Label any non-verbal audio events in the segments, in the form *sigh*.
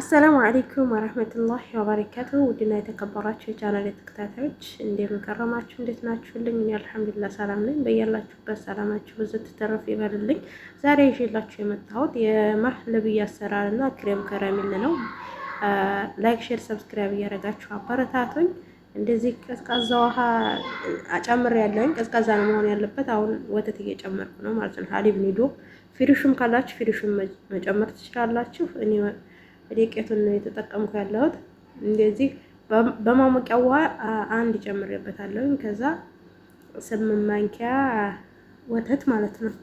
አሰላሙ አሌይኩም ወረህመቱላሂ ወበረካቱ ውድና የተከበራችሁ የቻናል ተከታታዮች እንደምን እንዴት ናችሁልኝ? እኔ አልሐምዱሊላህ ሰላም ነኝ። በያላችሁበት ሰላማችሁ ብዙ ትተረፍ ይበልልኝ። ዛሬ ይዤላችሁ የመጣሁት የማህለብያ አሰራር እና ክሬም ከረሜላ ነው። ላይክ፣ ሼር፣ ሰብስክራይብ እያደረጋችሁ አበረታቶኝ። እንደዚህ ቀዝቃዛ ውሃ አጨምር ያለውኝ ቀዝቃዛ ነው መሆን ያለበት። አሁን ወተት እየጨመርኩ ነው ማለት ነው። ሀሊብ ኒዶ ፊሪሹም ካላችሁ ፊሪሹም መጨመር ትችላላችሁ። ዱቄቱን ነው የተጠቀምኩ ያለሁት። እንደዚህ በማሞቂያ ውሃ አንድ ጨምሬበታለሁኝ። ከዛ ስምንት ማንኪያ ወተት ማለት ነው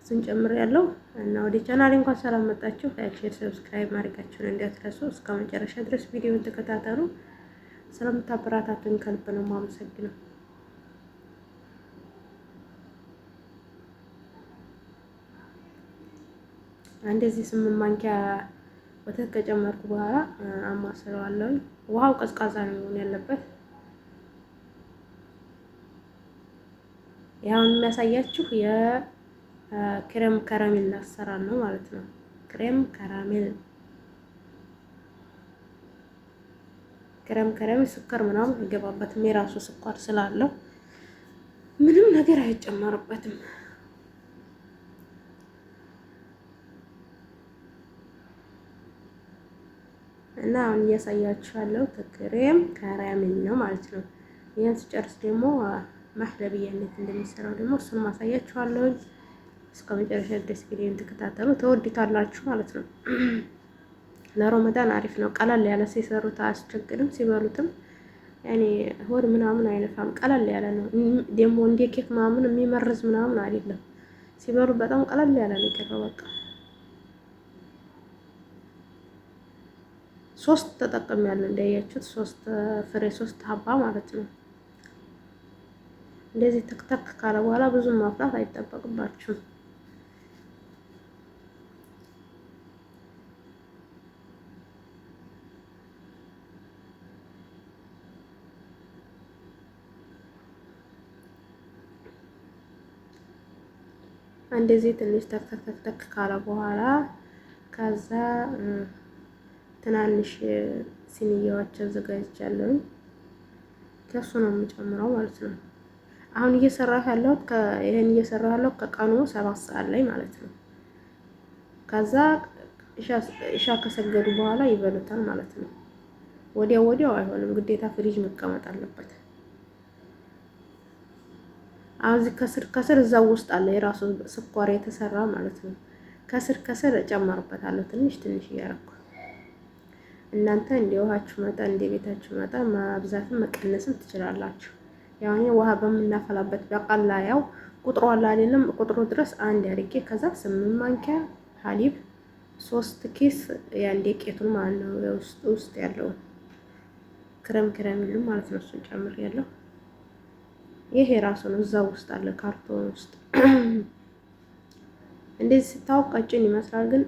እሱን ጨምሬ ያለው እና ወደ ቻናል እንኳን ሰላም መጣችሁ። ላይክ፣ ሼር፣ ሰብስክራይብ ማድረጋችሁን እንዳትረሱ። እስከ መጨረሻ ድረስ ቪዲዮን ተከታተሉ። ስለምታበረታቱኝ ከልብ ነው የማመሰግነው። እንደዚህ ስምንት ማንኪያ ወተት ከጨመርኩ በኋላ አማስለዋለሁኝ። ውሃው ቀዝቃዛ ነው መሆን ያለበት። ያሁን የሚያሳያችሁ የክሬም ከረሜል አሰራር ነው ማለት ነው። ክሬም ከረሜል ክሬም ከረሜል ስኳር ምናምን አይገባበትም። የራሱ ስኳር ስላለው ምንም ነገር አይጨመርበትም። እና አሁን እያሳያችሁ ያለው ክሬም ነው ማለት ነው። ይህን ስጨርስ ደግሞ ማህለብያነት እንደሚሰራው ደግሞ እሱን ማሳያችኋለሁ። እስከ መጨረሻ ድረስ ቪዲዮን ተከታተሉ፣ ተወድታላችሁ ማለት ነው። *clears throat* ለሮመዳን አሪፍ ነው። ቀላል ያለ ሲሰሩት አያስቸግርም፣ ሲበሉትም ያኔ ሆድ ምናምን አይነፋም። ቀለል ያለ ነው ደግሞ እንደ ኬክ ምናምን የሚመርዝ ምናምን አይደለም። ሲበሉ በጣም ቀላል ያለ ነው። በቃ ሶስት ተጠቅም ያለ እንዳያችሁት ሶስት ፍሬ ሶስት ሀባ ማለት ነው። እንደዚህ ተክተክ ካለ በኋላ ብዙም ማፍላት አይጠበቅባችሁም። እንደዚህ ትንሽ ተክተክ ተክተክ ካለ በኋላ ከዛ ትናንሽ ሲኒያዎች አዘጋጅቻለሁኝ። ከሱ ነው የምጨምረው ማለት ነው። አሁን እየሰራሁ ያለሁት ይሄን እየሰራሁ ያለሁት ከቀኑ ሰባት ሰዓት ላይ ማለት ነው። ከዛ እሻ ከሰገዱ በኋላ ይበሉታል ማለት ነው። ወዲያው ወዲያው አይሆንም፣ ግዴታ ፍሪጅ መቀመጥ አለበት። አሁን እዚህ ከስር ከስር እዛው ውስጥ አለ የራሱ ስኳር የተሰራ ማለት ነው። ከስር ከስር እጨምርበታለሁ ትንሽ ትንሽ እያረኩ እናንተ እንደ ውሃችሁ መጠን እንደ ቤታችሁ መጠን ማብዛትም መቀነስም ትችላላችሁ። ያው እኔ ውሃ በምናፈላበት በቃላ ያው ቁጥሩ አለ አይደለም ቁጥሩ ድረስ አንድ አድርጌ ከዛ ስምንት ማንኪያ ሀሊብ ሶስት ኬስ የአንዴ ቄቱን ማለት ነው ውስጥ ውስጥ ያለው ክረም ክረም ይሉ ማለት ነው። እሱን ጨምር ያለው ይሄ ራሱ ነው። እዛ ውስጥ አለ ካርቶን ውስጥ *clears throat* እንደዚህ ስታውቅ ቀጭን ይመስላል ግን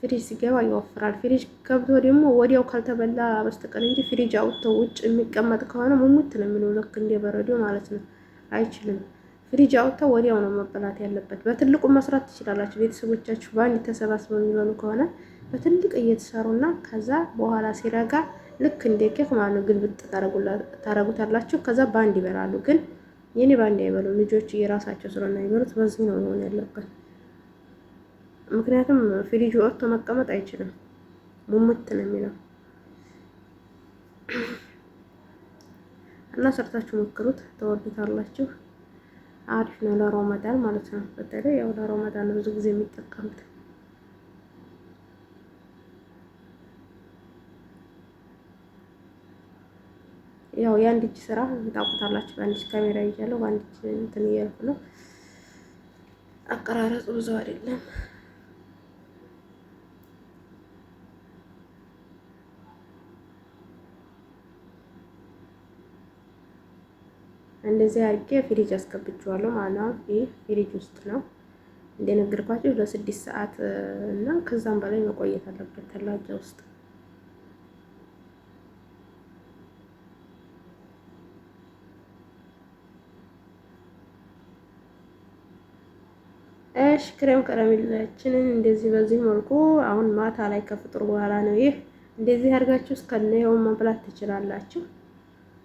ፍሪጅ ሲገባ ይወፍራል። ፍሪጅ ገብቶ ደግሞ ወዲያው ካልተበላ በስተቀር እንጂ ፍሪጅ አውጥተው ውጭ የሚቀመጥ ከሆነ ሙሙት ነው የሚለው ልክ እንደ በረዶ ማለት ነው። አይችልም። ፍሪጅ አውጥተው ወዲያው ነው መበላት ያለበት። በትልቁ መስራት ትችላላችሁ። ቤተሰቦቻችሁ በአንድ ተሰባስበው የሚበሉ ከሆነ በትልቅ እየተሰሩና ከዛ በኋላ ሲረጋ ልክ እንደ ኬክ ማለት ነው ግልብጥ ታረጉታላችሁ። ከዛ በአንድ ይበላሉ። ግን የኔ በአንድ አይበሉም። ልጆች የራሳቸው ስለሆነ ይበሉት። በዚህ ነው መሆን ያለበት። ምክንያቱም ፍሪጅ ወጥቶ መቀመጥ አይችልም፣ ሙሙት ነው የሚለው እና ሰርታችሁ ሞክሩት፣ ተወዱታላችሁ። አሪፍ ነው ለሮመዳን ማለት ነው። በተለይ ያው ለሮመዳን ብዙ ጊዜ የሚጠቀሙት። ያው የአንድ እጅ ስራ ታውቁታላችሁ። በአንድ እጅ ካሜራ እያለው በአንድ እጅ እንትን እያልኩ ነው። አቀራረጹ ብዙ አይደለም። እንደዚህ አድርጌ ፍሪጅ አስገብቼዋለሁ ማለት ነው። ይህ ፍሪጅ ውስጥ ነው እንደነገርኳችሁ ለስድስት ሰዓት እና ከዛም በላይ መቆየት አለበት ተላጃ ውስጥ። እሺ ክሬም ከረሜላችንን እንደዚህ በዚህ መልኩ አሁን ማታ ላይ ከፍጥሩ በኋላ ነው ይህ እንደዚህ አድርጋችሁ እስከነየው መብላት ትችላላችሁ።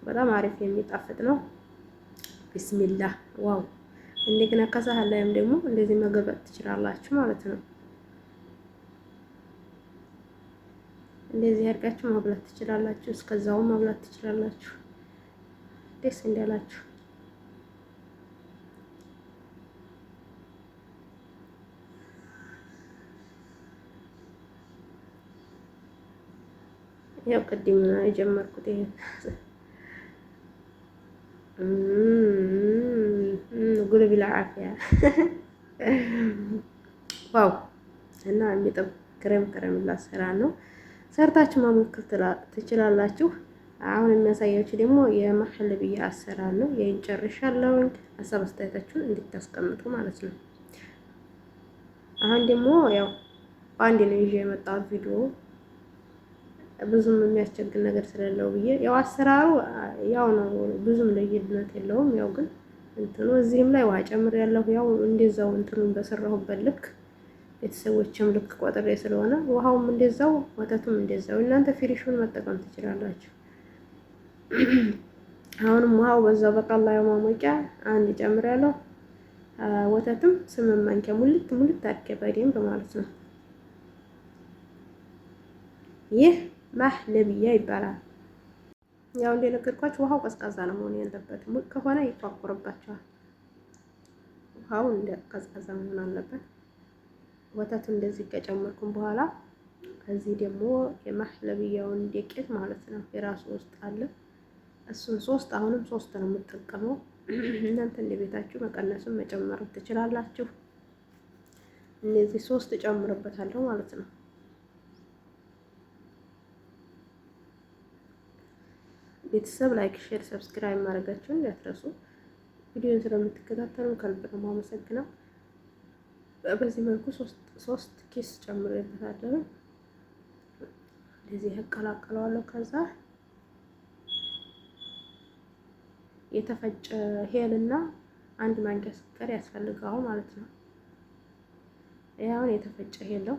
በጣም አሪፍ የሚጣፍጥ ነው። ቢስሚላህ ዋው! እንደገና ከሳህን ላይም ደግሞ እንደዚህ መገበጥ ትችላላችሁ ማለት ነው። እንደዚህ አድርጋችሁ መብላት ትችላላችሁ። እስከዛው መብላት ትችላላችሁ። ደስ እንዳላችሁ ያው ቅድም የጀመርኩት ይሄ አልአፍያ *laughs* ዋው! እና የሚጥም ክሬም ክሬም ላሰራ ነው። ሰርታችሁ ማሞክር ትችላላችሁ። አሁን የሚያሳያችሁ ደግሞ የመሐል ብዬ አሰራር ነው። ይህን ጨርሻለሁ። ሀሳብ አስተያየታችሁን እንድታስቀምጡ ማለት ነው። አሁን ደግሞ ያው በአንድ ነው ይዤ የመጣ ቪዲዮ ብዙም የሚያስቸግር ነገር ስለሌለው ብዬ ያው አሰራሩ ያው ነው፣ ብዙም ልዩነት የለውም። ያው ግን እንትኑ እዚህም ላይ ውሃ ጨምር ያለሁ ያው እንደዛው እንትኑን በሰራሁበት ልክ ቤተሰቦችም ልክ ቆጥሬ ስለሆነ ውሃውም እንደዛው ወተቱም እንደዛው እናንተ ፊሪሹን መጠቀም ትችላላችሁ። አሁንም ውሃው በዛው በቃላ ማሞቂያ አንድ ጨምር ያለው ወተትም ስምንት ማንኪያ ሙልት ሙልት አድርጌ በደንብ ማለት ነው። ይህ ማህለብያ ይባላል። ያው እንደነገርኳችሁ ውሃው ቀዝቃዛ ነው መሆን ያለበት። ሙቅ ከሆነ ይቋቁርባቸዋል። ውሃው እንደ ቀዝቃዛ መሆን አለበት። ወተቱ እንደዚህ ከጨመርኩም በኋላ ከዚህ ደግሞ የማህለብያውን ዱቄት ማለት ነው የራሱ ውስጥ አለ። እሱን ሶስት አሁንም ሶስት ነው የምጠቀመው። እናንተ እንደ ቤታችሁ መቀነሱን መጨመር ትችላላችሁ። እነዚህ ሶስት እጨምርበታለሁ ማለት ነው። ቤተሰብ ላይክ፣ ሼር፣ ሰብስክራይብ ማድረጋችሁን እንዳትረሱ። ቪዲዮን ስለምትከታተሉ ከልብ ነው የማመሰግነው። በዚህ መልኩ ሶስት ኪስ ጨምሬበታለሁ። እንደዚህ እቀላቀለዋለሁ። ከዛ የተፈጨ ሄልና አንድ ማንኪያ ስኳር ያስፈልገዋል ማለት ነው። ያሁን የተፈጨ ሄል ነው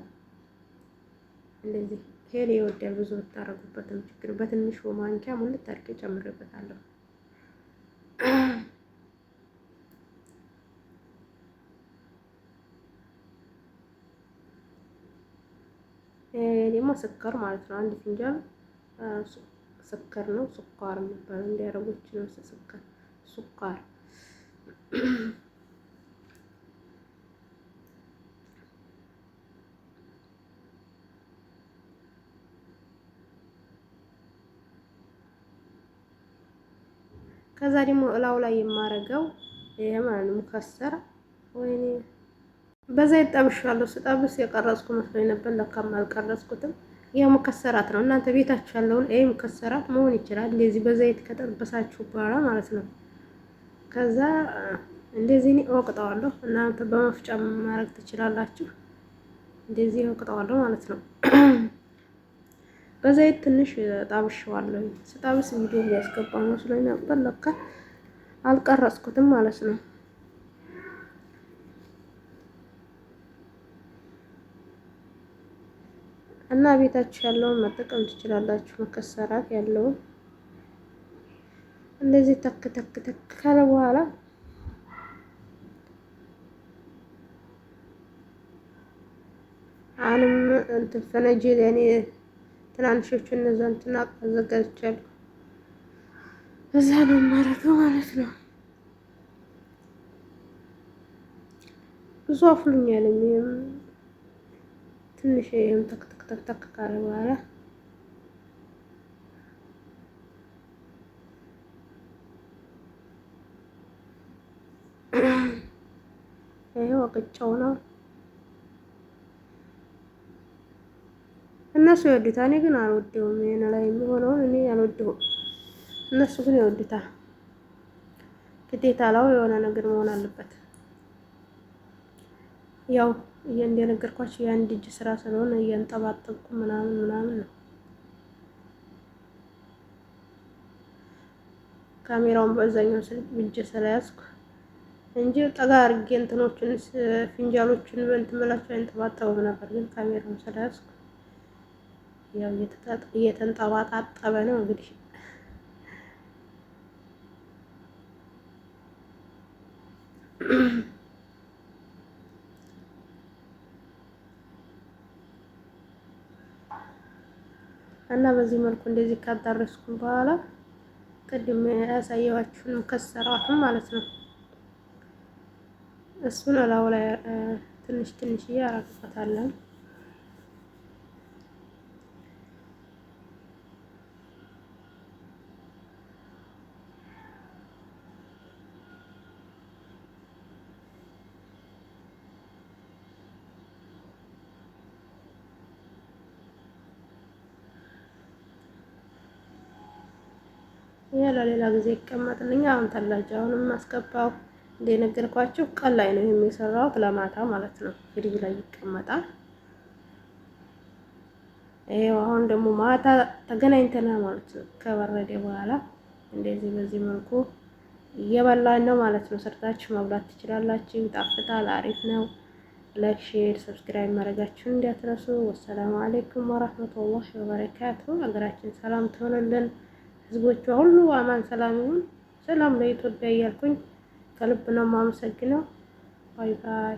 እንደዚህ ሄል ይወዳል ብዙ ብታረጉበትም ችግር በትንሹ ማንኪያ ሙሉ አድርጌ ጨምሬበታለሁ። ደግሞ ስኳር ማለት ነው። አንድ ፍንጃል ስኳር ነው። ስኳር የሚባለው እንዲያረጎች ነው። ስኳር ስኳር ከዛ ደግሞ እላው ላይ የማረገው ይሄ ማለት ነው ሙከሰር። ወይኔ በዛ ጠብሻለሁ። ስጠብስ የቀረጽኩ መስሎኝ ነበር፣ ለካም አልቀረጽኩትም። ይሄ ሙከሰራት ነው። እናንተ ቤታችሁ ያለውን ይሄ ሙከሰራት መሆን ይችላል። እንደዚህ በዘይት ከጠበሳችሁ በኋላ ማለት ነው። ከዛ እንደዚህ እኔ እወቅጠዋለሁ። እናንተ በመፍጫ ማድረግ ትችላላችሁ። እንደዚህ እወቅጠዋለሁ ማለት ነው። *clears throat* በዘይት ትንሽ ጣብሸዋለሁ። ስጣብስ ቪዲዮ እያስገባ መስሎኝ ነበር፣ ለካ አልቀረጽኩትም ማለት ነው። እና ቤታችሁ ያለውን መጠቀም ትችላላችሁ። መከሰራት ያለውን እንደዚህ ተክ ተክ ተክ ካለ በኋላ አንም እንትን ፈነጅ ለኔ ትናንሾቹ እነዛን ትናቅ አዘጋጅቻለሁ። እዛ ነው የማደርገው ማለት ነው። ብዙ አፍሉኛል። ይሄም ትንሽ ይህም ተክተክተክተክ ካለ በኋላ ይሄ ወቅጫው ነው። እነሱ ይወዱታ፣ እኔ ግን አልወደውም። ይሄን ላይ የሚሆነውን እኔ አልወደውም፣ እነሱ ግን ይወዱታ። ግዴታ ላው የሆነ ነገር መሆን አለበት። ያው እንደነገርኳቸው የአንድ እጅ ስራ ስለሆነ እያንጠባጠብኩ ምናምን ምናምን ነው። ካሜራውን በአብዛኛው ስልክ ብጀ ስለያዝኩ እንጂ ጠጋ አድርጌ እንትኖችን ፍንጃሎችን በእንትን ብላቸው አይንጠባጠቡም ነበር፣ ግን ካሜራውን ስለያዝኩ ያው እየተንጠባጣጠበ ነው እንግዲህ እና በዚህ መልኩ እንደዚህ ካዳረስኩም በኋላ ቅድም ያሳየኋችሁን ከሰራትም ማለት ነው። እሱን እላው ላይ ትንሽ ትንሽ እያረግበታለን። ይሄ ለሌላ ጊዜ ይቀመጥልኝ። አሁን ተላጅ አሁንም አስገባው። እንደነገርኳችሁ ቀን ላይ ነው የሚሰራው ለማታ ማለት ነው። ፍሪጅ ላይ ይቀመጣል። ይሄው አሁን ደግሞ ማታ ተገናኝተና ማለት ነው። ከበረደ በኋላ እንደዚህ በዚህ መልኩ እየበላን ነው ማለት ነው። ሰርታችሁ መብላት ትችላላችሁ። ይጣፍጣል። አሪፍ ነው። ላይክ፣ ሼር፣ ሰብስክራይብ ማድረጋችሁን እንዳትረሱ። ወሰላሙ አሌይኩም ወራህመቱላህ ወበረካቱ። ሀገራችን ሰላም ትሆንልን። ህዝቦቿ ሁሉ አማን ሰላም ይሁን። ሰላም ለኢትዮጵያ እያልኩኝ ከልብ ነው የማመሰግነው። ባይ ባይ።